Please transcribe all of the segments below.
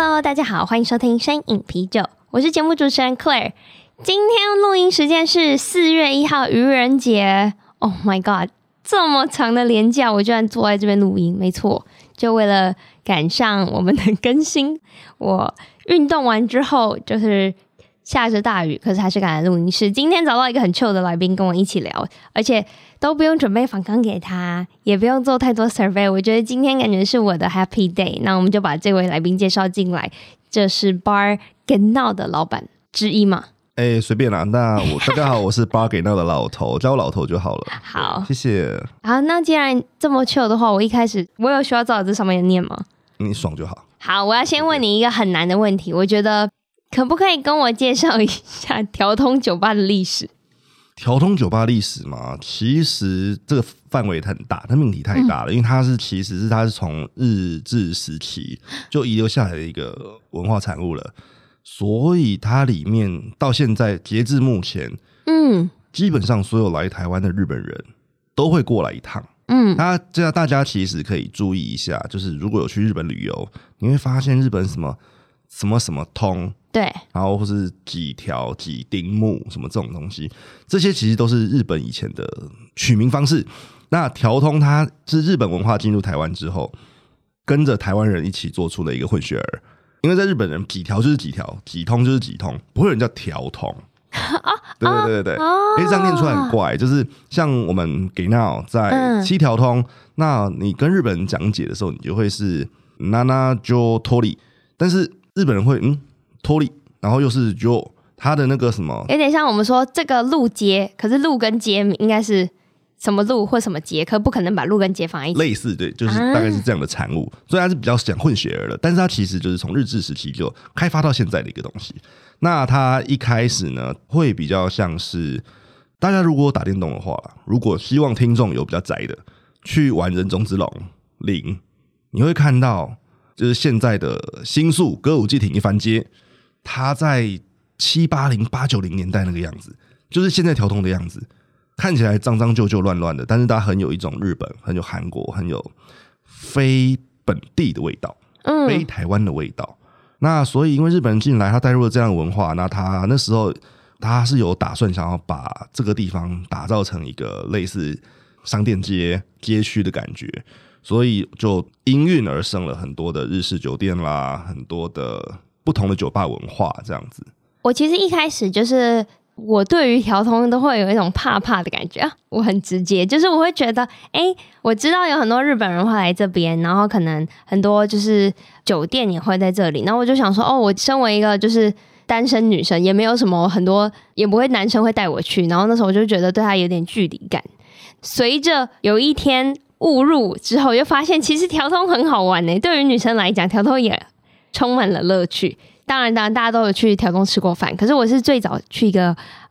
Hello，大家好，歡迎收聽《身影啤酒》，我是節目主持人 Claire。今天錄音時間是四月一號愚人節，Oh my God！這麼長的連假，我居然坐在這邊錄音，沒錯，就為了趕上我們的更新。我運動完之後就是。下着大雨，可是還是趕來錄音室。今天找到一個很 chill 的來賓跟我一起聊，而且都不用準備訪綱給他，也不用做太多 survey。我覺得今天感覺是我的 happy day。那我們就把這位來賓介紹進來，這是 Bar Genao 的老闆之一嘛？哎、欸，隨便啦。那我大家好，我是 Bar Genao 的老頭， 叫我老頭就好了。好，謝謝。好，那既然這麼 chill 的話，我一開始我有需要照著上面念嗎？你爽就好。好，我要先問你一個很難的問題，我覺得。可不可以跟我介紹一下條通酒吧的歷史？條通酒吧歷史嘛，其實這個範圍很大，它命題太大了，嗯、因為它是其實是它是從日治時期就遺留下來的一個文化產物了，所以它裡面到現在截至目前，嗯，基本上所有來台灣的日本人都會過來一趟，嗯，那這樣大家其實可以注意一下，就是如果有去日本旅遊，你會發現日本什麼什麼什麼通。對，然後或是幾條幾丁目什麼這種東西，這些其實都是日本以前的取名方式。那條通它是日本文化進入台灣之後，跟着台灣人一起做出的一個混血兒。因為在日本人幾條就是幾條，幾通就是幾通，不會有人叫條通、啊、對對對對，因為、啊、這樣念出來很怪。就是像我們 Genao 在七條通、嗯，那你跟日本人講解的時候，你就會是 Nana jo tori 但是日本人會嗯。托利，然後又是 Jo，他的那個什麼，有點像我們說這個路街，可是路跟街應該是什麼路或什麼街，可不可能把路跟街放在一起？類似，對，就是大概是這樣的產物。所以他是比較像混血兒的，但是他其實就是從日治時期就開發到現在的一個東西。那他一開始呢，會比較像是大家如果打電動的話，如果希望聽眾有比較宅的去玩人中之龍零，你會看到就是現在的新宿歌舞伎町一番街。他在七八零八九零年代那個樣子，就是現在條通的樣子，看起來髒髒舊舊、亂亂的，但是他很有一種日本、很有韓國、很有非本地的味道，非台灣的味道。嗯、那所以，因為日本人進來，他帶入了這樣的文化，那他那時候他是有打算想要把這個地方打造成一個類似商店街街區的感覺，所以就應運而生了很多的日式酒店啦，很多的。不同的酒吧文化這樣子，我其實一開始就是我對於條通都會有一種怕怕的感覺啊，我很直接，就是我會覺得，哎、欸，我知道有很多日本人會來這邊，然後可能很多就是酒店也會在這裡，然後我就想說，哦，我身為一個就是單身女生，也沒有什麼很多，也不會男生會帶我去，然後那時候我就覺得對他有點距離感。隨着有一天誤入之後，又發現其實條通很好玩呢。對於女生來講，條通也充滿了樂趣，當然，當然，大家都有去條通吃過飯，可是我是最早去一個，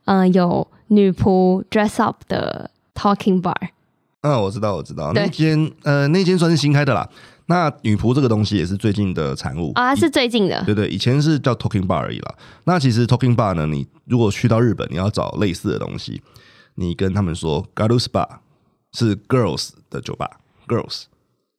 嗯、呃，有女僕 dress up 的 talking bar。嗯、哦，我知道，我知道，那間，呃，那間算是新開的啦。那女僕這個東西也是最近的產物啊，哦、是最近的。對對，以前是叫 talking bar 而已啦。那其實 talking bar 呢，你如果去到日本，你要找類似的東西，你跟他們說 garus bar 是 girls 的酒吧，girls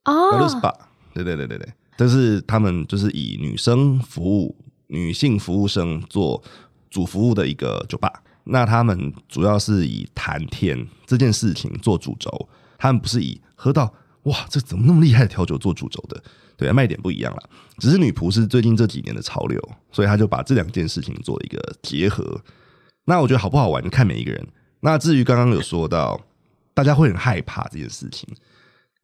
哦。哦 garus bar 對對對對對。但是他們就是以女生服務、女性服務生做主服務的一個酒吧。那他們主要是以談天這件事情做主軸，他們不是以喝到哇這怎麼那麼厲害的調酒做主軸的，對，賣點不一樣了。只是女僕是最近這幾年的潮流，所以他就把這兩件事情做一個結合。那我覺得好不好玩，看每一個人。那至於剛剛有說到，大家會很害怕這件事情。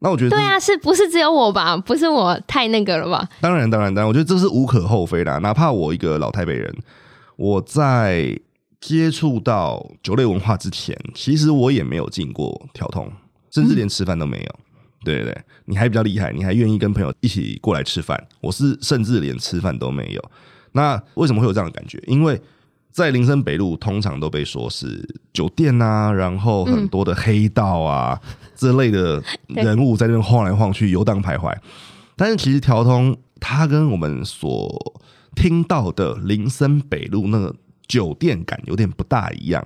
那我覺得對啊，是不是只有我吧？不是我太那個了吧？當然當然當然，我覺得這是無可厚非啦、啊。哪怕我一個老台北人，我在接觸到酒類文化之前，其實我也沒有進過條通，甚至連吃飯都沒有、嗯。對對對，你還比較厲害，你還願意跟朋友一起過來吃飯。我是甚至連吃飯都沒有。那為什麼會有這樣的感覺？因為。在林森北路，通常都被說是酒店啊，然後很多的黑道啊之、嗯、類的人物在那邊晃來晃去、游 蕩徘徊。但是，其實條通它跟我們所聽到的林森北路那個酒店感有點不大一樣。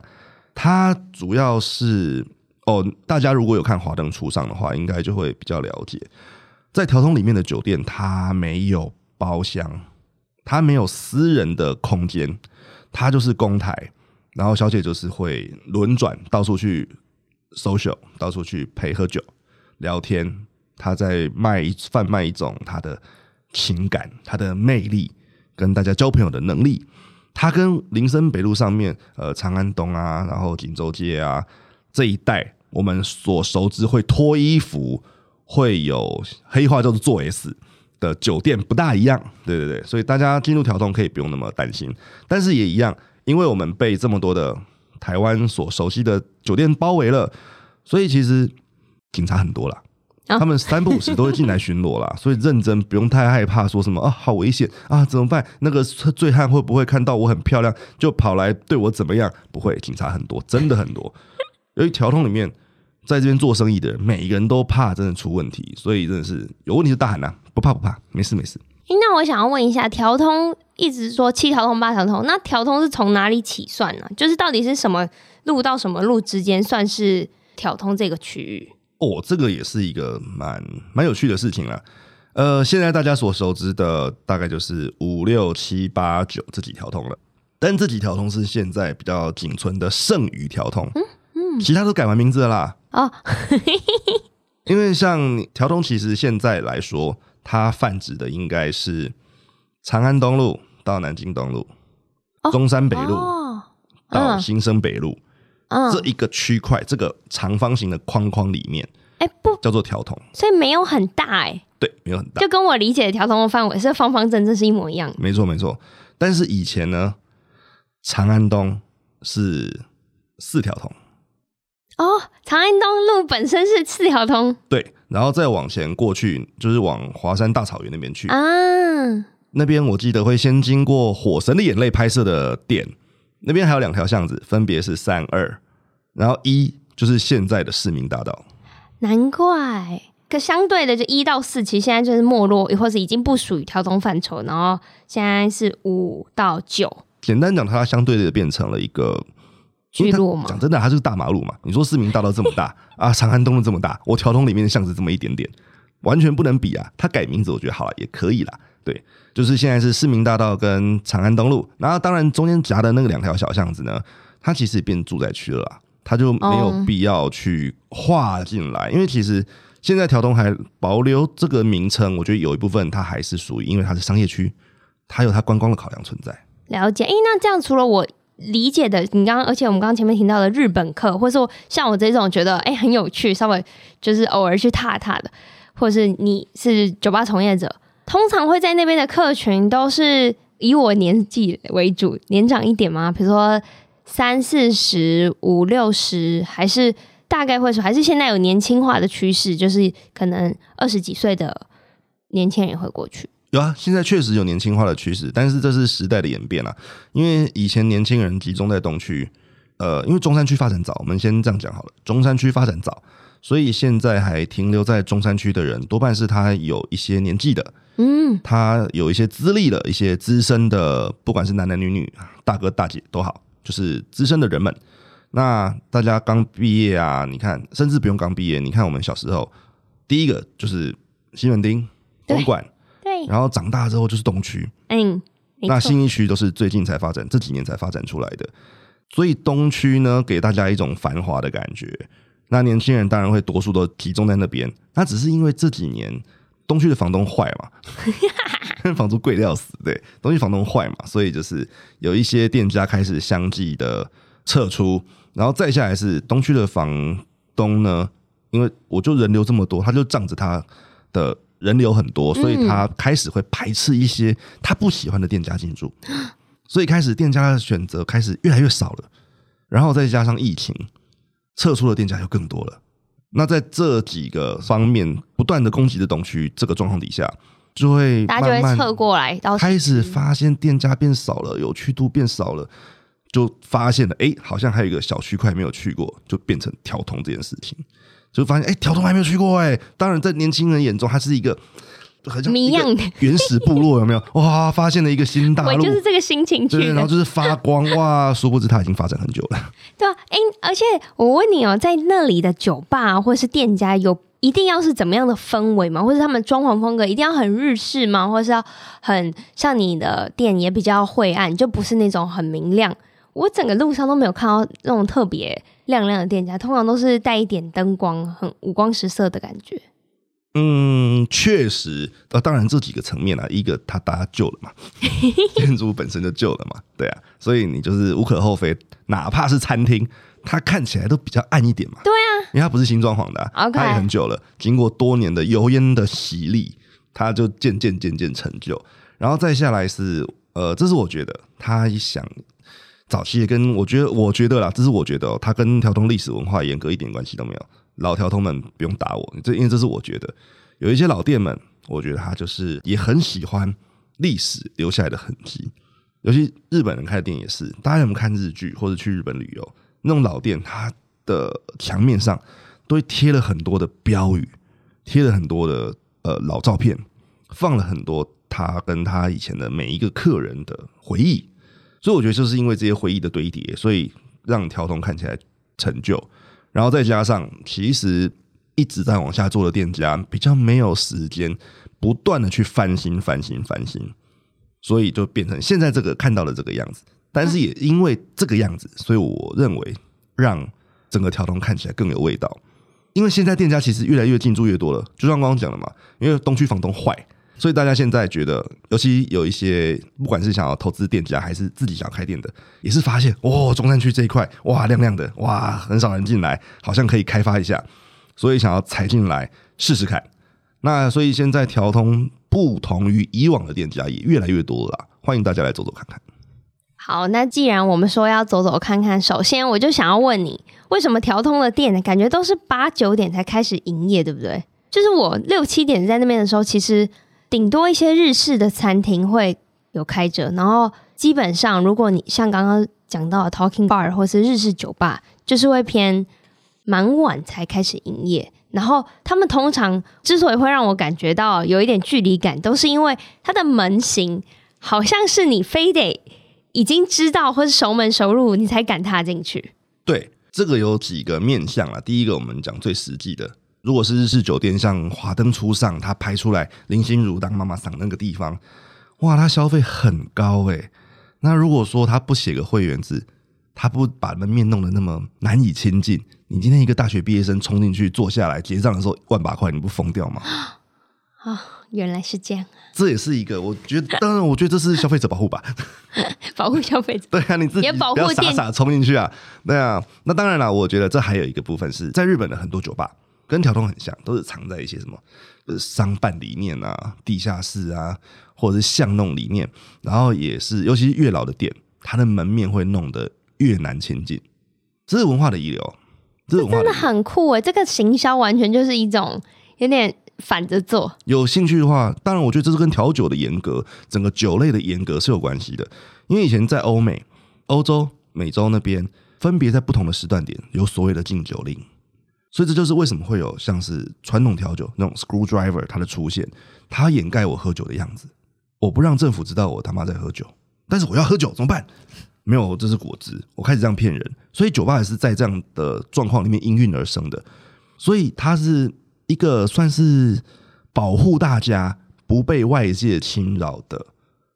它主要是哦，大家如果有看《華燈初上》的話，應該就會比較了解，在條通裡面的酒店，它沒有包廂，它沒有私人的空間。他就是公台，然後小姐就是會輪轉到處去 social，到處去陪喝酒、聊天。他在賣販賣一種他的情感、他的魅力，跟大家交朋友的能力。他跟林森北路上面呃長安東啊，然後錦州街啊這一帶，我們所熟知會脫衣服，會有黑話叫做做 S。的酒店不大一樣，對對對，所以大家進入條通可以不用那麼擔心。但是也一樣，因為我們被這麼多的台灣所熟悉的酒店包圍了，所以其實警察很多啦，他們三不五時都會進來巡邏啦。哦、所以認真不用太害怕，說什麼 啊，好危險啊，怎麼辦？那個醉漢會不會看到我很漂亮就跑來對我怎麼樣？不會，警察很多，真的很多。由於條通裡面在這邊做生意的人每一個人都怕真的出問題，所以真的是有問題就大喊吶、啊。我怕不怕？沒事沒事、欸。那我想要問一下，條通一直說七條通八條通，那條通是從哪裡起算呢、啊？就是到底是什麼路到什麼路之間算是條通這個區域？哦，這個也是一個蠻蠻有趣的事情啦。呃，現在大家所熟知的大概就是五六七八九這幾條通了，但這幾條通是現在比較僅存的剩餘條通，嗯嗯，其他都改完名字了啦。哦， 因為像條通，其實現在來說。它泛指的應該是長安東路到南京東路、哦、中山北路到新生北路，哦嗯、這一個區塊、嗯，這個長方形的框框裡面，哎、欸、不，叫做條通，所以沒有很大哎、欸，對，沒有很大，就跟我理解的條通的範圍是方方正正是一模一樣的，沒錯沒錯。但是以前呢，長安東是四條通，哦，長安東路本身是四條通，對。然後再往前過去，就是往華山大草原那邊去啊。那邊我記得會先經過《火神的眼淚》拍攝的點，那邊還有兩條巷子，分別是三二，然後一就是現在的市民大道。難怪，可相對的，就一到四其實現在就是沒落，或者已經不屬於條通範疇。然後現在是五到九。簡單講，它相對的變成了一個。聚落嘛，講真的，還是大馬路嘛。你說市民大道這麼大 啊，長安東路這麼大，我條通裡面的巷子這麼一點點，完全不能比啊。他改名字，我覺得好了，也可以啦。對，就是現在是市民大道跟長安東路，然後當然中間夾的那個兩條小巷子呢，它其實也變住宅區了，它就沒有必要去劃進來。嗯。因為其實現在條通還保留這個名稱，我覺得有一部分它還是屬於，因為它是商業區，它有它觀光的考量存在。了解，誒、欸，那這樣除了我。理解的，你剛剛，而且我們剛剛前面提到的日本客，或者說像我這種覺得哎、欸、很有趣，稍微就是偶爾去踏踏的，或者是你是酒吧從業者，通常會在那邊的客群都是以我年紀為主，年長一點嘛，比如說三四十、五六十，還是大概會說，還是現在有年輕化的趨勢，就是可能二十幾歲的年輕人會過去？有啊，現在確實有年輕化的趨勢，但是這是時代的演變啊。因為以前年輕人集中在東區，呃，因為中山區發展早，我們先這樣講好了。中山區發展早，所以現在還停留在中山區的人，多半是他有一些年紀的，嗯，他有一些資歷的一些資深的，不管是男男女女，大哥大姐都好，就是資深的人們。那大家剛畢業啊，你看，甚至不用剛畢業，你看我們小時候，第一個就是西門町、公館。然後長大之後就是東區，嗯，那信義區都是最近才發展，這幾年才發展出來的，所以東區呢，給大家一種繁華的感覺。那年輕人當然會多數都集中在那邊，那只是因為這幾年東區的房東壞嘛， 房租貴的要死，對，東區房東壞嘛，所以就是有一些店家開始相繼的撤出，然後再下來是東區的房東呢，因為我就人流這麼多，他就仗着他的。人流很多，所以他開始會排斥一些他不喜歡的店家進駐、嗯，所以開始店家的選擇開始越來越少了。然後再加上疫情，撤出的店家就更多了。那在這幾個方面不斷的攻擊的東區，這個狀況底下，就會大家就會撤過來，開始發現店家變少了，有趣度變少了，就發現了，哎、欸，好像還有一個小區塊沒有去過，就變成條通這件事情。就發現哎，條、欸、通還沒有去過哎，當然在年輕人眼中，它是一個很像謎樣的原始部落，有沒有哇？發現了一個新大陸，就是這個心情去的然後就是發光 哇！殊不知它已經發展很久了，對啊，哎、欸，而且我問你哦、喔，在那裡的酒吧、啊、或是店家，有一定要是怎麼樣的氛圍嗎？或是他們裝潢風格一定要很日式嗎？或是要很像你的店也比較晦暗，就不是那種很明亮？我整個路上都沒有看到那種特別。亮亮的店家通常都是帶一點燈光，很五光十色的感覺。嗯，確實。呃，當然這幾個層面啊，一個它搭舊了嘛， 建築本身就舊了嘛，對啊，所以你就是無可厚非。哪怕是餐廳，它看起來都比較暗一點嘛。對啊，因為它不是新裝潢的、啊 okay，它也很久了，經過多年的油煙的洗禮，它就漸漸漸漸陳舊。然後再下來是，呃，這是我覺得他一想。早期跟我覺得，我覺得啦，這是我覺得喔，它跟條通歷史文化嚴格一點關係都沒有。老條通們不用打我，這因為這是我覺得，有一些老店們，我覺得他就是也很喜歡歷史留下來的痕跡。尤其日本人開的店也是，大家有沒有看日劇或者去日本旅遊，那種老店，它的牆面上都貼了很多的標語，貼了很多的呃老照片，放了很多他跟他以前的每一個客人的回憶。所以我覺得就是因為這些回憶的堆疊，所以讓條通看起來陳舊，然後再加上其實一直在往下做的店家比較沒有時間不斷的去翻新翻新翻新，所以就變成現在這個看到的這個樣子。但是也因為這個樣子，所以我認為讓整個條通看起來更有味道。因為現在店家其實越來越進駐越多了，就像剛剛講了嘛，因為東區房東壞。所以大家現在覺得，尤其有一些不管是想要投資店家，還是自己想要開店的，也是發現，哇、哦，中山區這一塊，哇，亮亮的，哇，很少人進來，好像可以開發一下，所以想要踩進來試試看。那所以現在條通不同於以往的店家也越來越多了，歡迎大家來走走看看。好，那既然我們說要走走看看，首先我就想要問你，為什麼條通的店感覺都是八九點才開始營業，對不對？就是我六七點在那邊的時候，其實。頂多一些日式的餐廳會有開着，然後基本上，如果你像剛剛講到的 Talking Bar 或是日式酒吧，就是會偏蠻晚才開始營業。然後他們通常之所以會讓我感覺到有一點距離感，都是因為它的門型好像是你非得已經知道或是熟門熟路，你才敢踏進去。對，這個有幾個面向啊。第一個，我們講最實際的。如果是日式酒店，像華燈初上，他拍出來林心如當媽媽桑那個地方，哇，他消費很高哎。那如果說他不寫個會員制，他不把門面弄得那麼難以親近，你今天一個大學畢業生衝進去坐下來結賬的時候，萬把，萬把塊你不瘋掉嗎？啊、哦，原來是這樣。這也是一個，我覺得當然，我覺得這是消費者保護吧， 保護消費者。 對啊，你自己不要傻傻衝進去啊。對啊，那當然了，我覺得這還有一個部分是在日本的很多酒吧。跟條通很像，都是藏在一些什麼、就是，商辦裡面啊，地下室啊，或者是巷弄裡面。然後也是，尤其是越老的店，它的門面會弄得越難前進。這是文化的遺留，這是文化的。這真的很酷誒。這個行銷完全就是一種有點反着做。有興趣的話，當然我覺得這是跟調酒的嚴格，整個酒類的嚴格是有關係的。因為以前在歐美、歐洲、美洲那邊，分別在不同的時段點有所謂的禁酒令。所以這就是為什麼會有像是傳統調酒那種 screwdriver 它的出現，它掩蓋我喝酒的樣子，我不讓政府知道我他媽在喝酒，但是我要喝酒怎麼辦？沒有，這是果汁，我開始這樣騙人。所以酒吧也是在這樣的狀況裡面應運而生的，所以它是一個算是保護大家不被外界侵擾的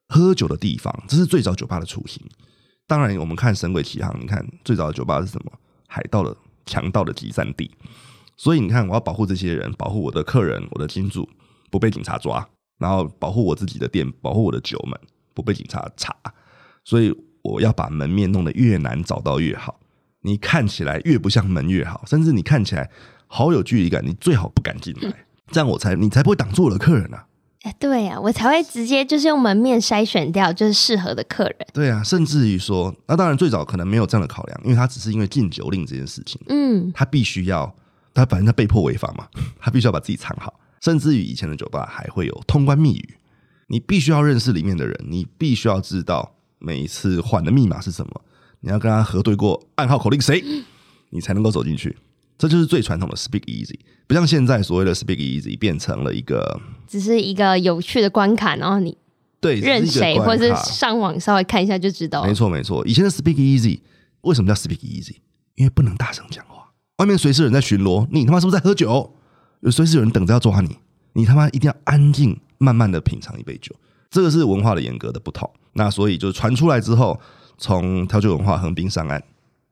喝酒的地方。這是最早酒吧的雛形。當然，我們看《神鬼奇航》，你看最早的酒吧是什麼？海盜的，強盜的集散地，所以你看，我要保護這些人，保護我的客人，我的金主不被警察抓，然後保護我自己的店，保護我的酒門不被警察查，所以我要把門面弄得越難找到越好，你看起來越不像門越好，甚至你看起來好有距離感，你最好不敢進來，嗯，這樣我才你才不會擋住我的客人啊。哎，對呀、啊，我才會直接就是用門面篩選掉，就是適合的客人。對啊，甚至於說，那當然最早可能沒有這樣的考量，因為他只是因為禁酒令這件事情，嗯，他必須要，他反正他被迫違法嘛，他必須要把自己藏好。甚至於以前的酒吧還會有通關密語，你必須要認識裡面的人，你必須要知道每一次換的密碼是什麼，你要跟他核對過暗號口令誰，你才能夠走進去。這就是最傳統的 speak easy，不像現在所謂的 speak easy 變成了一個，只是一個有趣的關卡。然後你認對認誰，或者是上網稍微看一下就知道。沒錯沒錯，以前的 speak easy 為什麼叫 speak easy？因為不能大聲講話，外面隨時有人在巡邏，你他媽是不是在喝酒？有隨時有人等着要抓你，你他媽一定要安靜，慢慢的品嘗一杯酒。這個是文化的嚴格的不同。那所以就傳出來之後，從調酒文化橫濱上岸。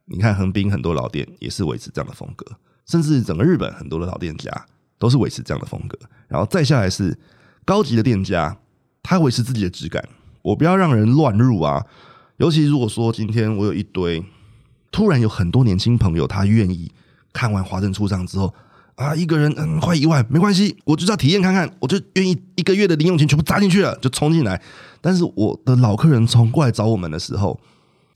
你看橫濱很多老店也是維持這樣的風格，甚至整個日本很多的老店家都是維持這樣的風格。然後再下來是高級的店家，他維持自己的質感。我不要讓人亂入啊！尤其如果說今天我有一堆突然有很多年輕朋友，他願意看完《華燈初上》之後啊，一個人嗯快一萬，沒關係，我就要體驗看看，我就願意一個月的零用錢全部砸進去了，就衝進來。但是我的老客人衝過來找我們的時候。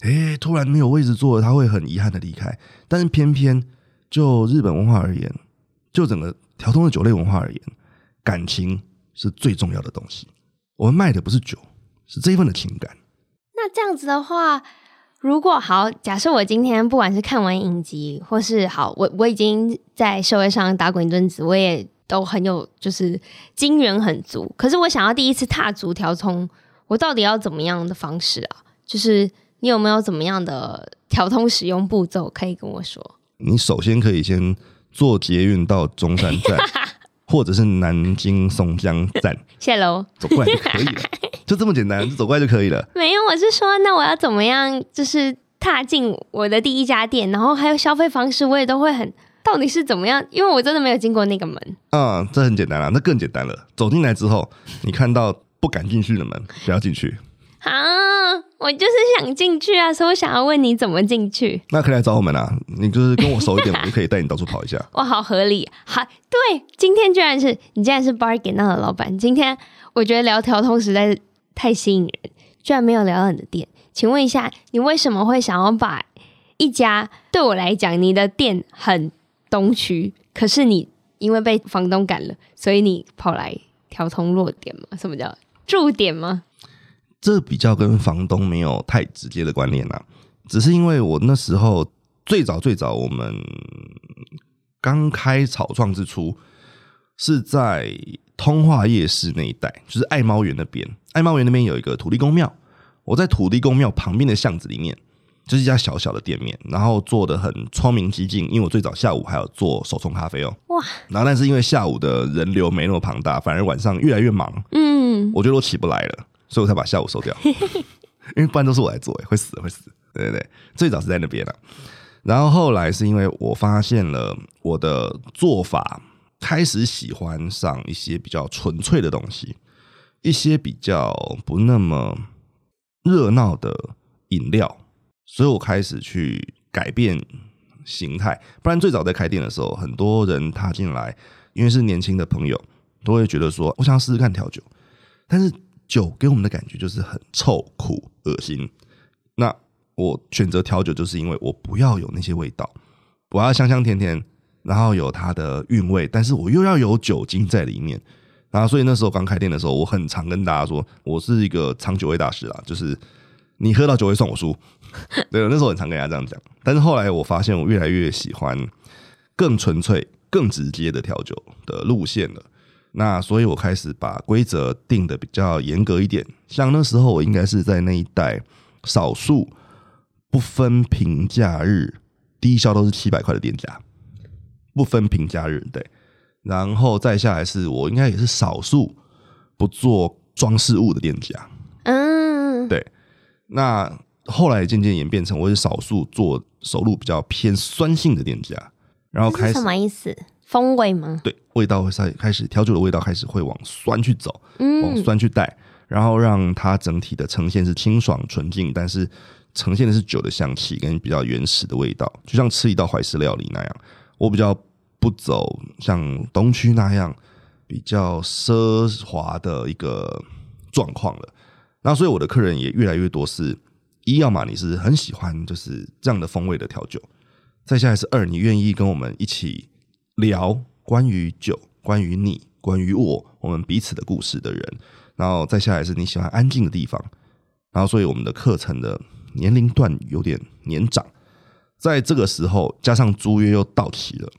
哎、欸，突然沒有位置坐了，他會很遺憾的離開。但是偏偏就日本文化而言，就整個條通的酒類文化而言，感情是最重要的東西。我們賣的不是酒，是這一份的情感。那這樣子的話，如果好，假設我今天不管是看完影集，或是好，我我已經在社會上打滾一墩子，我也都很有，就是經驗很足。可是我想要第一次踏足條通，我到底要怎麼樣的方式啊？就是。你有沒有怎麼樣的條通使用步驟可以跟我說？你首先可以先坐捷運到中山站， 或者是南京松江站，下 樓走過來就可以了， 就這麼簡單，就走過來就可以了。沒有，我是說，那我要怎麼樣，就是踏進我的第一家店，然後還有消費方式，我也都會很到底是怎麼樣？因為我真的沒有進過那個門。嗯，這很簡單啦，那更簡單了。走進來之後，你看到不敢進去的門，不要進去。好、 啊。我就是想進去啊，所以我想要問你怎麼進去。那可以來找我們啊，你就是跟我熟一點， 我就可以帶你到處跑一下。哇，好合理，好對。今天居然是你，居然是 Bar Genao 的老闆。今天我覺得聊條通實在是太吸引人，居然沒有聊到你的店。請問一下，你為什麼會想要把一家對我來講你的店很東區，可是你因為被房東趕了，所以你跑來條通落點嗎？什麼叫駐點嗎？這比較跟房東沒有太直接的關聯吶、啊，只是因為我那時候最早最早我們剛開草創之初，是在通化夜市那一帶，就是愛貓園那邊。愛貓園那邊有一個土地公廟，我在土地公廟旁邊的巷子裡面，就是一家小小的店面，然後做的很窗明幾淨。因為我最早下午還有做手沖咖啡哦，哇！然後但是因為下午的人流沒那麼龐大，反而晚上越來越忙，嗯，我覺得我起不來了。所以我才把下午收掉，因為不然都是我來做，欸，會死會死，對對對。最早是在那邊了。然後後來是因為我發現了我的做法，開始喜歡上一些比較純粹的東西，一些比較不那麼熱鬧的飲料，所以我開始去改變形態。不然最早在開店的時候，很多人踏進來，因為是年輕的朋友，都會覺得說，我想試試看調酒，但是。酒給我們的感覺就是很臭、苦、噁心。那我選擇調酒，就是因為我不要有那些味道，我要香香甜甜，然後有它的韻味，但是我又要有酒精在裡面。然後，啊，所以那時候剛開店的時候，我很常跟大家說，我是一個藏酒味大師啊，就是你喝到酒味算我輸。對，那時候很常跟大家這樣講。但是後來我發現，我越來越喜歡更純粹、更直接的調酒的路線了。那所以，我開始把規則定得比較嚴格一點。像那時候，我應該是在那一帶少數不分平假日，低消都是七百塊的店家。不分平假日，對。然後再下來是我應該也是少數不做裝飾物的店家。嗯，對。那後來漸漸演變成我是少數做手路比較偏酸性的店家，然後開始什麼意思？風味嗎？對，味道會再開始，調酒的味道開始會往酸去走，嗯、往酸去帶，然後讓它整體的呈現是清爽純淨，但是呈現的是酒的香氣跟比較原始的味道，就像吃一道懷石料理那樣。我比較不走像東區那樣比較奢華的一個狀況了。那所以我的客人也越來越多是，是一，要麼你是很喜歡就是這樣的風味的調酒；再下來是二，你願意跟我們一起。聊關於酒、關於你、關於我，我們彼此的故事的人，然後再下來是你喜歡安靜的地方，然後所以我們的課程的年齡段有點年長，在這個時候加上租約又到期了，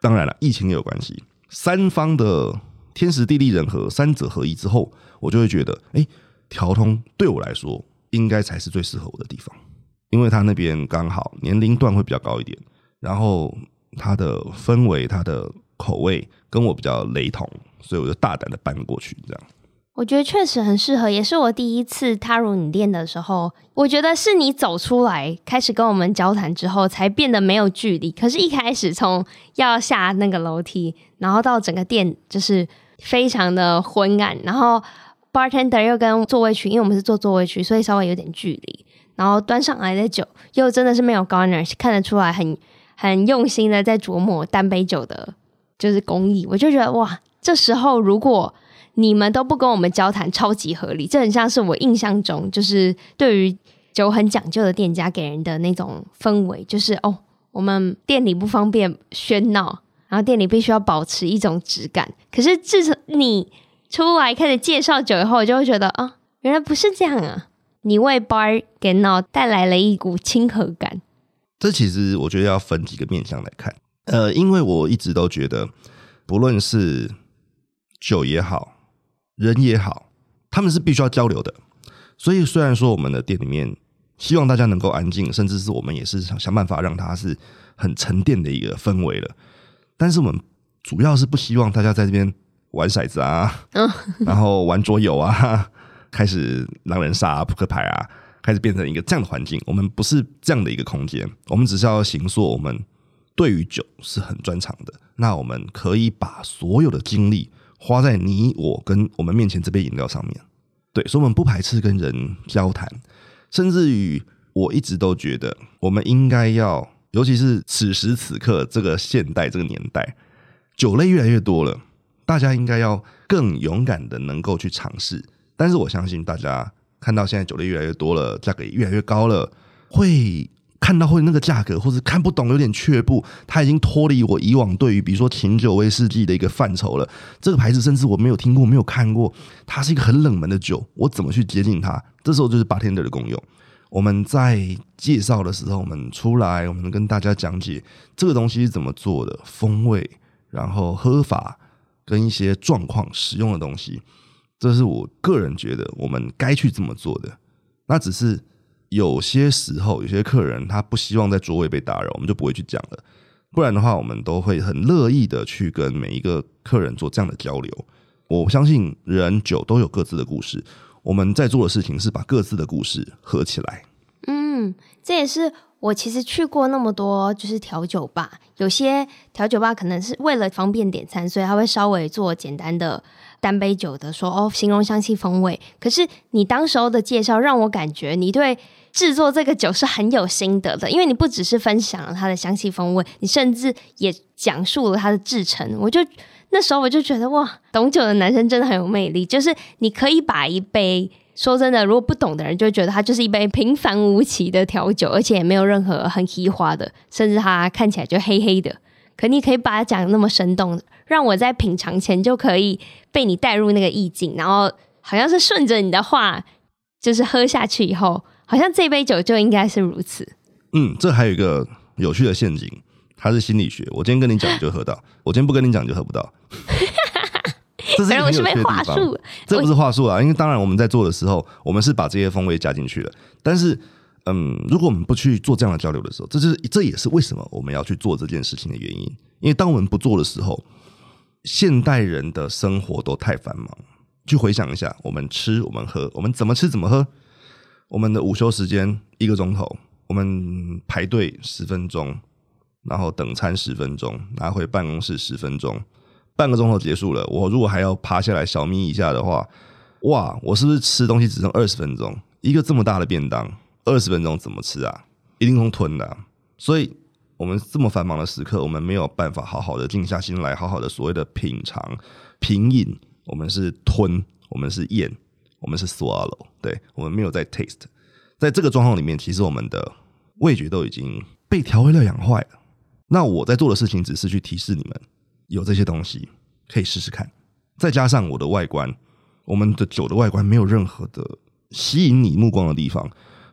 當然了，疫情也有關係。三方的天時地利人和三者合一之後，我就會覺得，哎，條通對我來說應該才是最適合我的地方，因為他那邊剛好年齡段會比較高一點，然後。它的氛圍、它的口味跟我比較雷同，所以我就大膽的搬過去。這樣，我覺得確實很適合，也是我第一次踏入你店的時候。我覺得是你走出來開始跟我們交談之後，才變得沒有距離。可是，一開始從要下那個樓梯，然後到整個店就是非常的昏暗，然後 bartender 又跟座位區，因為我們是坐座位區，所以稍微有點距離。然後端上來的酒又真的是沒有 garnish，看得出來很。很用心的在琢磨單杯酒的，就是工藝。我就覺得哇，這時候如果你們都不跟我們交談，超級合理。這很像是我印象中，就是對於酒很講究的店家給人的那種氛圍，就是哦，我們店裡不方便喧鬧，然後店裡必須要保持一種質感。可是自從你出來開始介紹酒以後，我就會覺得啊、哦，原來不是這樣啊！你為 Bar Genao 帶來了一股親和感。這其實我覺得要分幾個面向來看，呃，因為我一直都覺得，不論是酒也好，人也好，他們是必須要交流的。所以雖然說我們的店裡面希望大家能夠安靜，甚至是我們也是想想辦法讓它是很沉澱的一個氛圍了。但是我們主要是不希望大家在這邊玩骰子啊， 然後玩桌遊啊，開始狼人殺啊，撲克牌啊。開始變成一個這樣的環境，我們不是這樣的一個空間，我們只是要形塑，我們對於酒是很專長的，那我們可以把所有的精力花在你我跟我們面前這杯飲料上面。對，所以我們不排斥跟人交談，甚至於我一直都覺得，我們應該要，尤其是此時此刻這個現代這個年代，酒類越來越多了，大家應該要更勇敢的能夠去嘗試。但是我相信大家。看到現在酒類越來越多了，價格也越來越高了，會看到會那個價格，或者看不懂，有點卻步。它已經脫離我以往對於比如說琴酒威士忌的一個範疇了。這個牌子甚至我沒有聽過，沒有看過，它是一個很冷門的酒，我怎麼去接近它？這時候就是 Bartender 的功用。我們在介紹的時候，我們出來，我們跟大家講解這個東西是怎麼做的，風味，然後喝法，跟一些狀況使用的東西。這是我個人覺得我們該去這麼做的。那只是有些時候，有些客人他不希望在桌位被打擾，我們就不會去講了。不然的話，我們都會很樂意的去跟每一個客人做這樣的交流。我相信人酒都有各自的故事，我們在做的事情是把各自的故事合起來。嗯，這也是我其實去過那麼多就是調酒吧，有些調酒吧可能是為了方便點餐，所以他會稍微做簡單的。單杯酒的說哦，形容香氣風味。可是你當時候的介紹讓我感覺你對製作這個酒是很有心得的，因為你不只是分享了它的香氣風味，你甚至也講述了它的製程。我就那時候我就覺得哇，懂酒的男生真的很有魅力。就是你可以把一杯，說真的，如果不懂的人就覺得它就是一杯平凡無奇的調酒，而且也沒有任何很黑花的，甚至它看起來就黑黑的。可，你可以把它講得那麼生動，讓我在品嘗前就可以被你帶入那個意境，然後好像是順着你的話，就是喝下去以後，好像這杯酒就應該是如此。嗯，這還有一個有趣的陷阱，它是心理學。我今天跟你講你就喝到， 我今天不跟你講就喝不到。哈哈哈，這是被話術，這不是話術啊。因為當然我們在做的時候，我們是把這些風味加進去了，但是。嗯，如果我們不去做這樣的交流的時候，這就是這也是為什麼我們要去做這件事情的原因。因為當我們不做的時候，現代人的生活都太繁忙。去回想一下，我們吃，我們喝，我們怎麼吃怎麼喝。我們的午休時間一個鐘頭，我們排隊十分鐘，然後等餐十分鐘，拿回辦公室十分鐘，半個鐘頭結束了。我如果還要趴下來小眯一下的話，哇，我是不是吃東西只剩二十分鐘？一個這麼大的便當。二十分鐘怎麼吃啊？一定通吞的啊。所以，我們這麼繁忙的時刻，我們沒有辦法好好的靜下心來，好好的所謂的品嘗、品飲。我們是吞，我們是嚥，我們是 swallow。對，我們沒有在 taste。在這個狀況裡面，其實我們的味覺都已經被調味料養壞了。那我在做的事情，只是去提示你們有這些東西可以試試看。再加上我的外觀，我們的酒的外觀沒有任何的吸引你目光的地方。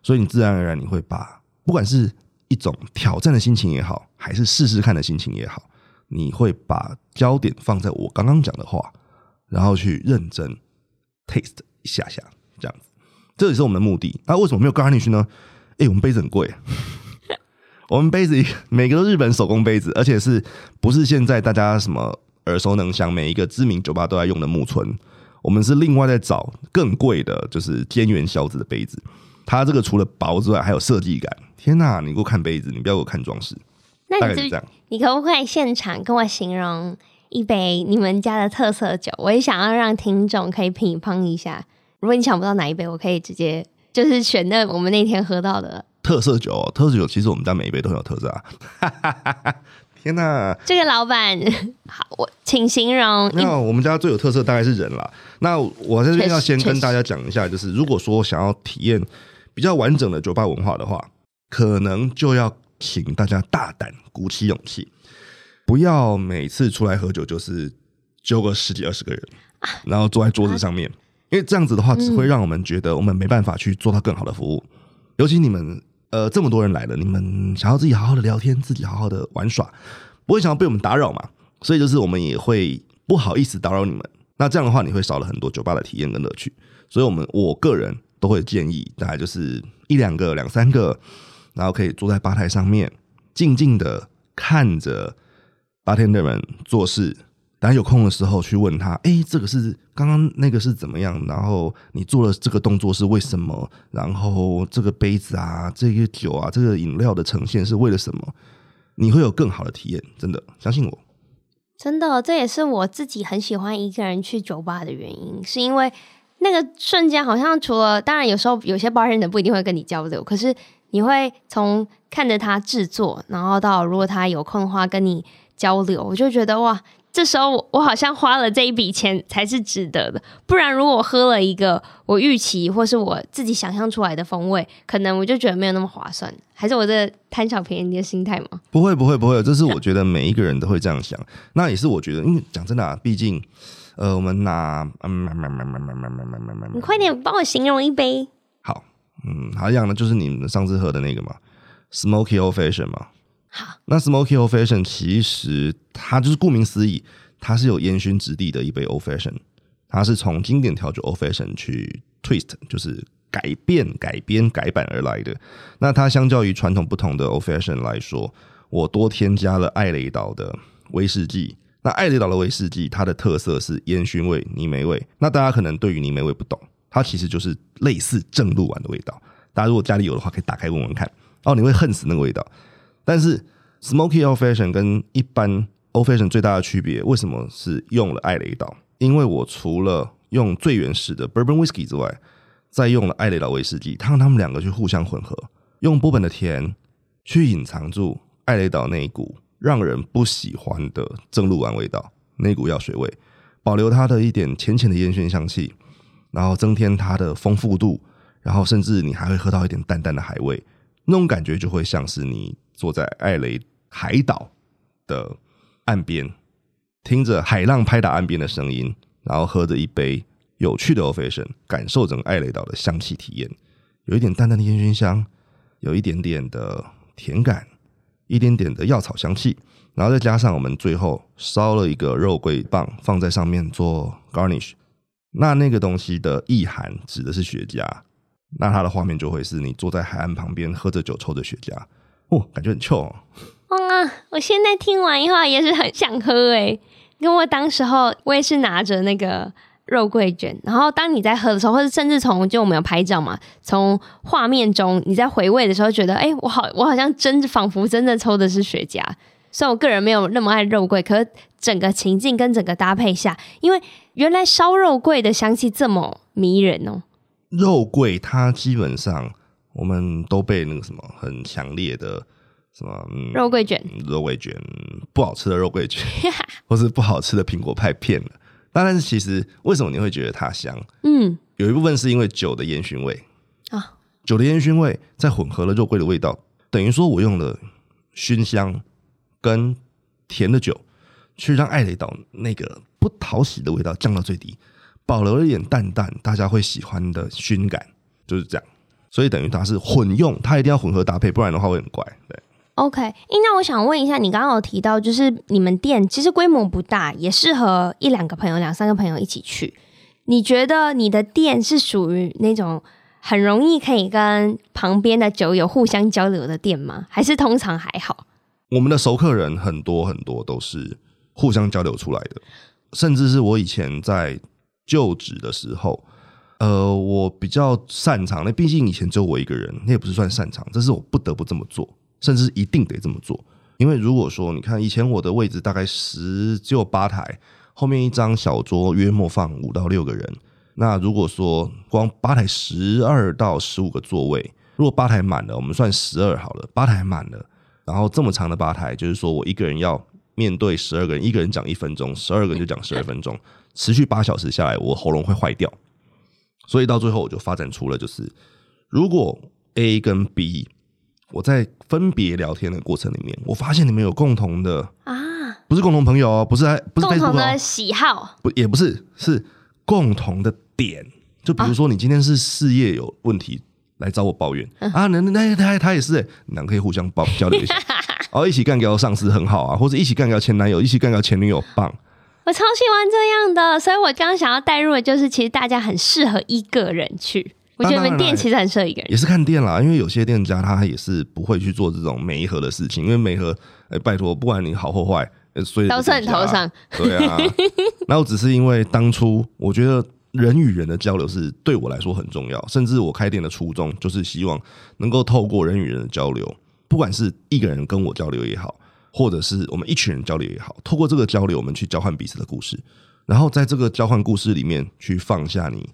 所以你自然而然你會把，不管是一種挑戰的心情也好，還是試試看的心情也好，你會把焦點放在我剛剛講的話，然後去認真 taste 一下下，這樣子，這也是我們的目的。那、啊、為什麼沒有 garnish 呢？哎，我們杯子很貴， 我們杯子每個都日本手工杯子，而且是不是現在大家什麼耳熟能詳，每一個知名酒吧都在用的木村，我們是另外在找更貴的，就是菅原硝子的杯子。它這個除了薄之外，還有設計感。天哪、啊，你給我看杯子，你不要給我看裝飾。那你這，大概是這樣，你可不可以在現場跟我形容一杯你們家的特色酒？我也想要讓聽眾可以品嚐一下。如果你想不到哪一杯，我可以直接就是選那我們那天喝到的特色酒、喔。特色酒其實我們家每一杯都很有特色啊。 天哪、啊，這個老闆，好，我請形容。那我們家最有特色大概是人了。那我在這邊要先跟大家講一下，就是如果說想要體驗。比較完整的酒吧文化的話，可能就要請大家大膽鼓起勇氣，不要每次出來喝酒就是揪個十幾二十個人，然後坐在桌子上面，因為這樣子的話，只會讓我們覺得我們沒辦法去做到更好的服務。嗯、尤其你們呃這麼多人來了，你們想要自己好好的聊天，自己好好的玩耍，不會想要被我們打擾嘛？所以就是我們也會不好意思打擾你們。那這樣的話，你會少了很多酒吧的體驗跟樂趣。所以我們我個人。都會建議，大概就是一兩個、兩三個，然後可以坐在吧台上面，靜靜的看着吧台的人做事。等下有空的時候去問他，哎，這個是剛剛那個是怎麼樣？然後你做了這個動作是為什麼？然後這個杯子啊，這個酒啊，這個飲料的呈現是為了什麼？你會有更好的體驗，真的，相信我。真的，這也是我自己很喜歡一個人去酒吧的原因，是因為。那個瞬間好像，除了，當然有時候有些 bartender 不一定會跟你交流，可是你會從看着他制作，然後到如果他有空的話跟你交流，我就覺得哇。這時候我好像花了這一筆錢才是值得的，不然如果我喝了一個我預期或是我自己想象出來的風味，可能我就覺得沒有那麼划算，還是我這貪小便宜的心態嗎？不會不會不會，這是我覺得每一個人都會這樣想。 那也是我覺得，因、嗯、為講真的啊，畢竟呃，我們拿嗯慢慢慢慢慢慢慢慢，你快點幫我形容一杯。好，嗯，好樣的，就是你們上次喝的那個嘛，Smoky Old Fashioned 嘛。好，那 Smoky Old Fashion 其實它就是顧名思義，它是有煙燻質地的一杯 Old Fashion，它是從經典調酒 Old Fashion 去 Twist，就是改變、改編、改版而來的。那它相較於傳統不同的 Old Fashion 來說，我多添加了艾雷島的威士忌。那艾雷島的威士忌，它的特色是煙燻味、泥煤味。那大家可能對於泥煤味不懂，它其實就是類似正露丸的味道。大家如果家裡有的話，可以打開聞聞看，哦，你會恨死那個味道。但是 Smoky Old Fashion 跟一般 Old Fashion 最大的區別，為什麼是用了艾雷島？因為我除了用最原始的 Bourbon Whiskey 之外，再用了艾雷島威士忌，它讓它們兩個去互相混合，用波本的甜去隱藏住艾雷島那一股讓人不喜歡的正露丸味道，那股藥水味，保留它的一點淺淺的煙熏香氣，然後增添它的豐富度，然後甚至你還會喝到一點淡淡的海味。那種感覺就會像是你坐在艾雷海島的岸邊，聽着海浪拍打岸邊的聲音，然後喝着一杯有趣的 o c i a n 感受，整個雷島的香氣體驗，有一點淡淡的煙熏香，有一點點的甜感，一點點的藥草香氣，然後再加上我們最後燒了一個肉桂棒放在上面做 garnish，那那個東西的意涵指的是雪茄。那它的畫面就會是你坐在海岸旁邊，喝着酒，抽着雪茄，哦，感覺很臭。哇、哦，我現在聽完以後也是很想喝哎、欸，因為我當時候我也是拿着那個肉桂卷，然後當你在喝的時候，或者甚至從，就我們有拍照嘛，從畫面中你在回味的時候，覺得哎、欸，我好，我好像真，仿佛真的抽的是雪茄。雖然我個人沒有那麼愛肉桂，可是整個情境跟整個搭配下，因為原來燒肉桂的香氣這麼迷人哦、喔。肉桂它基本上我們都被那個什麼很強烈的什麼、嗯、肉桂卷、肉桂卷，不好吃的肉桂卷， 或是不好吃的蘋果派騙了。當然是其實為什麼你會覺得它香？嗯，有一部分是因為酒的煙燻味啊、哦，酒的煙燻味再混合了肉桂的味道，等於說我用了燻香跟甜的酒，去讓艾雷島那個不討喜的味道降到最低。保留了一點淡淡，大家會喜歡的醺感，就是這樣。所以等於它是混用，它一定要混合搭配，不然的話會很怪。對，OK。那我想問一下，你剛剛有提到，就是你們店其實規模不大，也適合一兩個朋友、兩三個朋友一起去。你覺得你的店是屬於那種很容易可以跟旁邊的酒友互相交流的店嗎？還是通常還好？我們的熟客人很多很多都是互相交流出來的，甚至是我以前在。就職的時候，呃，我比較擅長那，畢竟以前只有我一個人，那也不是算擅長，這是我不得不這麼做，甚至一定得這麼做。因為如果說你看以前我的位置大概十，只有吧台後面一張小桌，約莫放五到六個人。那如果說光吧台十二到十五個座位，如果吧台滿了，我們算十二好了。吧台滿了，然後這麼長的吧台，就是說我一個人要面對十二個人，一個人講一分鐘，十二個人就講十二分鐘。持續八小時下來，我喉嚨會壞掉，所以到最後我就發展出了就是，如果 A 跟 B 我在分別聊天的過程裡面，我發現你們有共同的啊，不是共同朋友哦，不是不是，啊、共同的喜好，不也不是是共同的點，就比如說你今天是事業有問題、啊、來找我抱怨、嗯、啊，那那他他也是、欸，兩可以互相幫交流一下，一 哦一起幹掉上司很好啊，或者一起幹掉前男友，一起幹掉前女友棒。我超喜歡這樣的，所以我剛想要帶入的就是，其實大家很適合一個人去。我覺得你們店其實很適合一個人。也是看店啦，因為有些店家他也是不會去做這種媒合的事情，因為媒合，哎、欸，拜托，不管你好或壞，所、欸、以都算你頭上。對啊，那 我只是因為當初我覺得人與人的交流是對我來說很重要，甚至我開店的初衷就是希望能夠透過人與人的交流，不管是一個人跟我交流也好。或者是我們一群人交流也好，透過這個交流，我們去交換彼此的故事，然後在這個交換故事裡面，去放下你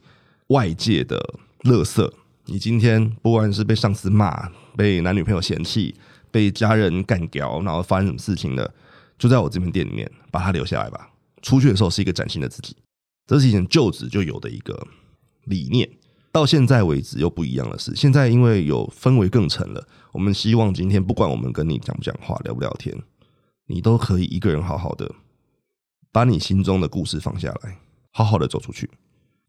外界的垃圾。你今天不管是被上司罵、被男女朋友嫌棄、被家人幹譙，然後發生什麼事情的，就在我這邊店裡面把它留下來吧。出去的時候是一個嶄新的自己，這是以前舊址就有的一個理念。到現在為止又不一樣的是，現在因為有氛圍更沉了，我們希望今天不管我們跟你講不講話、聊不聊天。你都可以一個人好好的，把你心中的故事放下來，好好的走出去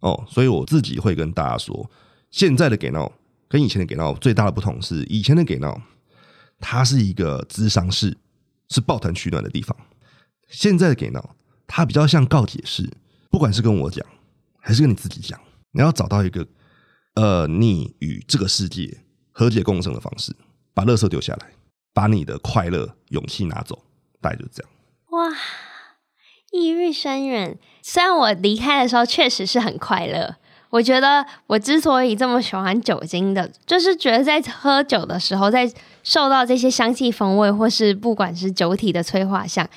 哦。所以我自己會跟大家說，現在的給鬧跟以前的給鬧最大的不同是，以前的給鬧它是一個諮商室，是抱團取暖的地方；現在的給鬧它比較像告解室，不管是跟我講，還是跟你自己講，你要找到一個呃，你與這個世界和解共生的方式，把垃圾丟下來，把你的快樂、勇氣拿走。大就這樣，哇，意欲深遠。雖然我離開的時候確實是很快樂，我覺得我之所以這麼喜歡酒精的，就是覺得在喝酒的時候，在受到這些香氣風味，或是不管是酒體的催化，下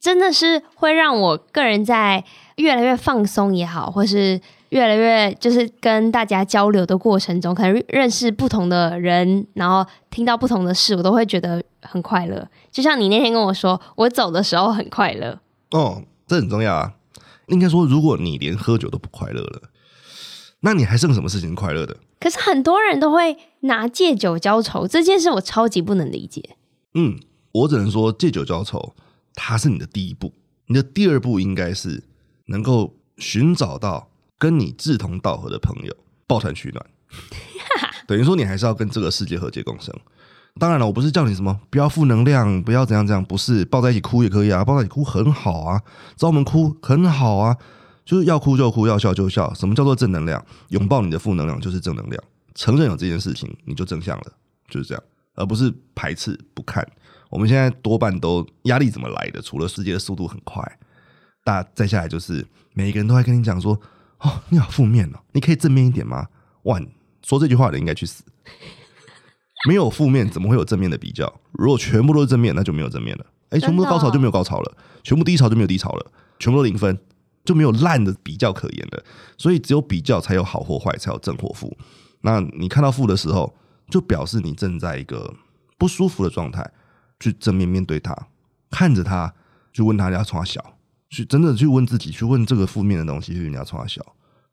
真的是會讓我個人在越來越放鬆也好，或是。越來越就是跟大家交流的過程中，可能認識不同的人，然後聽到不同的事，我都會覺得很快樂。就像你那天跟我說，我走的時候很快樂。哦，這很重要啊！應該說，如果你連喝酒都不快樂了，那你還剩什麼事情快樂的？可是很多人都會拿借酒澆愁這件事，我超級不能理解。嗯，我只能說，借酒澆愁，它是你的第一步，你的第二步應該是能夠尋找到。跟你志同道合的朋友抱團取暖，yeah. 等於說你還是要跟這個世界和解共生。當然了，我不是叫你什麼不要負能量，不要怎樣怎樣，不是。抱在一起哭也可以啊，抱在一起哭很好啊，找我們哭很好啊，就是要哭就哭，要笑就笑。什麼叫做正能量？擁抱你的負能量就是正能量，承認有這件事情你就正向了，就是這樣，而不是排斥不看。我們現在多半都壓力怎麼來的？除了世界的速度很快，那再下來就是每個人都會跟你講說。哦，你好負面哦，你可以正面一點嗎？哇，說這句話的人應該去死。沒有負面，怎麼會有正面的比較？如果全部都是正面，那就沒有正面了。哎，全部都高潮就沒有高潮了，全部低潮就沒有低潮了，全部都零分就沒有爛的比較可言了。所以只有比較才有好或壞，才有正或負。那你看到負的時候，就表示你正在一個不舒服的狀態，去正面面對他，看着他，就問他要從小。去真的去問自己，去問這個負面的東西，去人家衝他笑，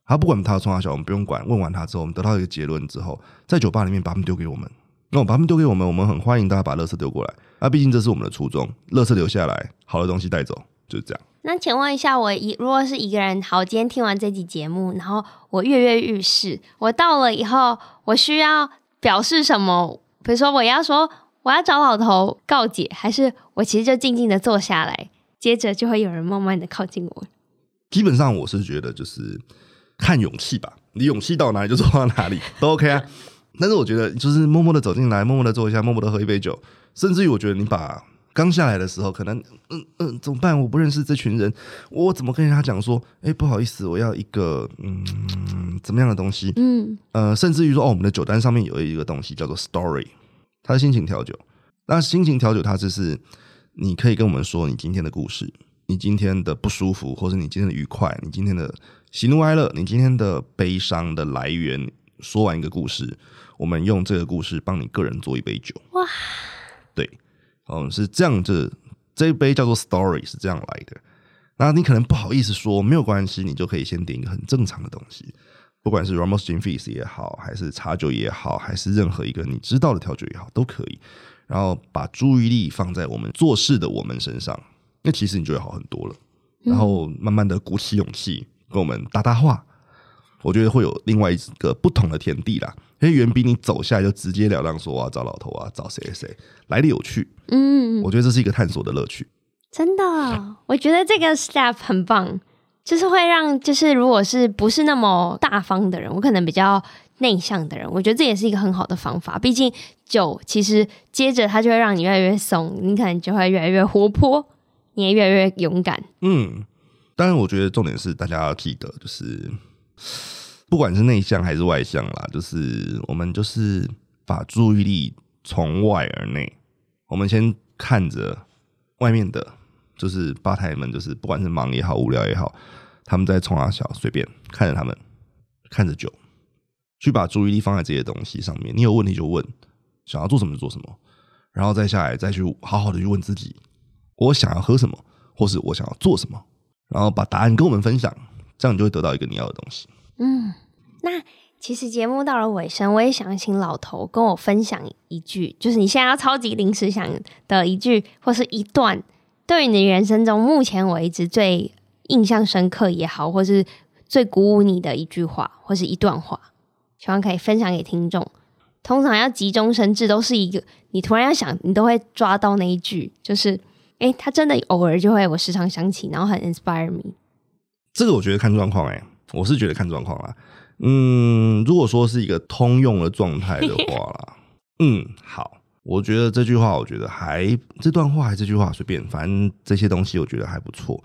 他、啊、不管他衝他笑，我們不用管。問完他之後，我們得到一個結論之後，在酒吧裡面把他們丟給我們。那、哦、我把他們丟給我們，我們很歡迎大家把垃圾丟過來。那、啊、畢竟這是我們的初衷，垃圾留下來，好的東西帶走，就是這樣。那請問一下我，我一如果是一個人，好，今天聽完這集節目，然後我躍躍欲試，我到了以後，我需要表示什麼？比如說，我要說我要找老頭告解，還是我其實就靜靜的坐下來？接着就會有人慢慢的靠近我。基本上我是覺得就是看勇氣吧，你勇氣到哪裡就坐到哪裡都 OK 啊。 但是我覺得就是默默的走進來，默默的坐一下，默默的喝一杯酒，甚至於我覺得你把剛下來的時候，可能嗯嗯怎麼辦？我不認識這群人，我怎麼跟人家講說？哎、欸，不好意思，我要一個嗯怎麼樣的東西？嗯呃，甚至於說哦，我們的酒單上面有一個東西叫做 Story，他的心情調酒。那心情調酒它就是。你可以跟我們說你今天的故事，你今天的不舒服，或者你今天的愉快，你今天的喜怒哀樂，你今天的悲傷的來源。說完一個故事，我們用這個故事幫你個人做一杯酒。哇，對，嗯，是這樣子，這杯叫做 Story，是這樣來的。那你可能不好意思說，沒有關係，你就可以先點一個很正常的東西，不管是 Ramos Gin Fizz 也好，還是茶酒也好，還是任何一個你知道的調酒也好，都可以。然後把注意力放在我們做事的我們身上，那其實你就會好很多了。嗯、然後慢慢的鼓起勇氣跟我們搭搭話，我覺得會有另外一個不同的天地啦。因為遠比你走下來就直截了當說啊，找老頭啊，找誰誰來得有趣。嗯，我覺得這是一個探索的樂趣。真的，我覺得這個 step 很棒，就是會讓就是如果是不是那麼大方的人，我可能比較。內向的人，我覺得這也是一個很好的方法。畢竟酒，其實接着它就會讓你越來越鬆，你可能就會越來越活潑，你也越來越勇敢。嗯，但是我覺得重點是大家要記得，就是不管是內向還是外向啦，就是我們就是把注意力從外而內，我們先看着外面的，就是吧台們，就是不管是忙也好，無聊也好，他們在衝啊笑，隨便看着他們，看着酒。去把注意力放在這些東西上面。你有問題就問，想要做什麼就做什麼，然後再下來再去好好的去問自己：我想要喝什麼，或是我想要做什麼？然後把答案跟我們分享，這樣你就會得到一個你要的東西。嗯，那其實節目到了尾聲，我也想請老頭跟我分享一句，就是你現在要超級臨時想的一句，或是一段，對你的人生中目前為止最印象深刻也好，或是最鼓舞你的一句話，或是一段話。希望可以分享給聽眾。通常要急中生智，都是一個你突然要想，你都會抓到那一句，就是“誒，他真的偶爾就會我時常想起，然後很 inspire me。”這個我覺得看狀況誒，我是覺得看狀況啦。嗯，如果說是一個通用的狀態的話啦， 嗯，好，我覺得這句話，我覺得還這段話，還這句話，隨便，反正這些東西我覺得還不錯。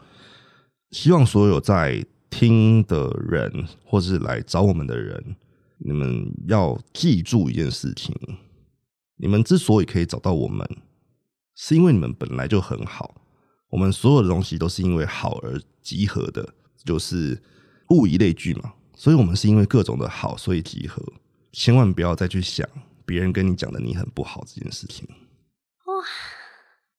希望所有在聽的人，或是來找我們的人，你們要記住一件事情：你們之所以可以找到我們，是因為你們本來就很好。我們所有的東西都是因為好而集合的，就是物以類聚嘛。所以，我們是因為各種的好，所以集合。千萬不要再去想別人跟你講的你很不好這件事情。哇，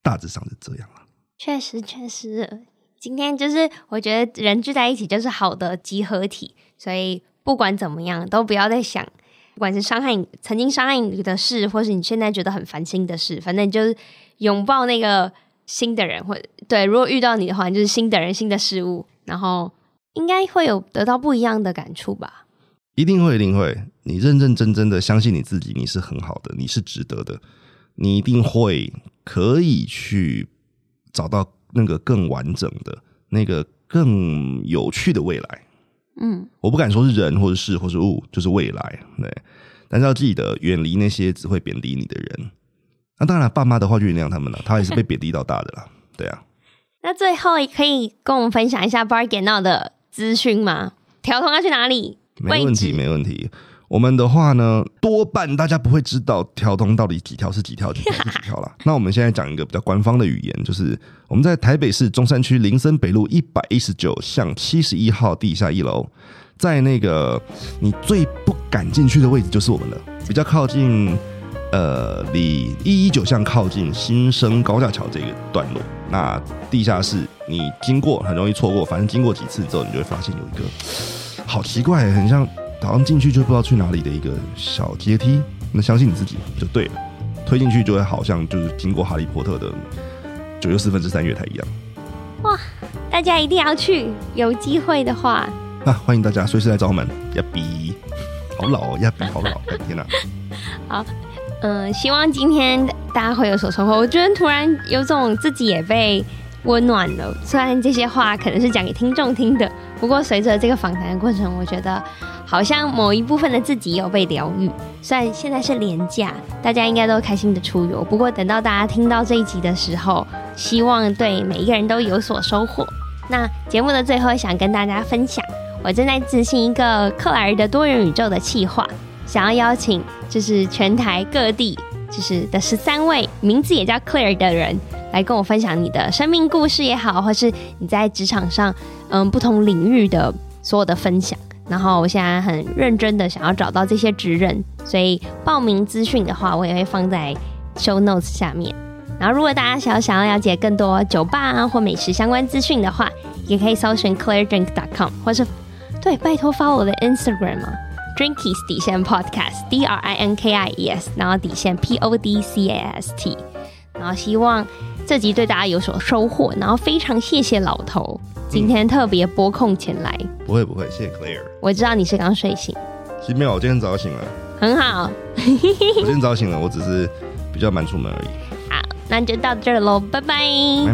大致上是這樣啊。確實，確實，今天就是我覺得人聚在一起就是好的集合體，所以。不管怎麼樣，都不要再想，不管是傷害你曾經傷害你的事，或是你現在覺得很煩心的事，反正就是擁抱那個新的人，或對，如果遇到你的話，就是新的人、新的事物，然後應該會有得到不一樣的感觸吧。一定會，一定會。你認認真真的相信你自己，你是很好的，你是值得的，你一定會可以去找到那個更完整的、那個更有趣的未來。嗯，我不敢說是人或者事或是物，就是未來，對。但是要記得遠離那些只會貶低你的人。那當然，爸媽的話就原諒他們了，他也是被貶低到大的了， 對啊。那最後可以跟我們分享一下 Bar Genao 的資訊嗎？條通要去哪裡？沒問題，沒問題。我們的話呢，多半大家不會知道條通到底幾條是幾條幾條啦。 那我們現在講一個比較官方的語言，就是我們在台北市中山區林森北路一百一十九巷七十一號地下一樓，在那個你最不敢進去的位置就是我們了，比較靠近呃，離一一九巷靠近新生高架橋這個段落。那地下室你經過很容易錯過，反正經過幾次之後，你就會發現有一個好奇怪，欸，很像。好像進去就不知道去哪裡的一個小階梯，那相信你自己就對了。推進去就會好像就是經過哈利波特的九又四分之三月台一樣。哇，大家一定要去，有機會的話。啊，歡迎大家隨時來找我們。亞比，好老，哦，亞比好老， 天哪，啊。好，嗯，呃，希望今天大家會有所收穫。我覺得突然有種自己也被溫暖了。雖然這些話可能是講給聽眾聽的，不過隨着這個訪談的過程，我覺得好像某一部分的自己有被療癒。雖然現在是年假，大家應該都開心的出遊，不過等到大家聽到這一集的時候，希望對每一個人都有所收穫。那節目的最後，想跟大家分享，我正在執行一個克萊爾的多元宇宙的企劃，想要邀請就是全台各地就是的十三位名字也叫克萊爾的人。來跟我分享你的生命故事也好，或是你在職場上嗯不同領域的所有的分享。然後我現在很認真的想要找到這些職人，所以報名資訊的話，我也會放在 show notes 下面。然後如果大家想要想要了解更多酒吧啊或美食相關資訊的話，也可以搜尋 c l a i r e d r i n k dot com 或是對拜托發我的 Instagram 嘛、啊、d r i n k i e s 底線 podcast d r i n k i e s，然後底線 p o d c a s t，然後希望。這集對大家有所收穫，然後非常謝謝老頭、嗯、今天特別撥空前來。不會不會，謝謝 Claire。我知道你是剛睡醒。其實沒有，我今天早醒了。很好， 我今天早醒了，我只是比較慢出門而已。好，那就到這兒嘍，拜拜。拜拜。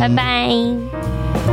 拜拜。拜拜。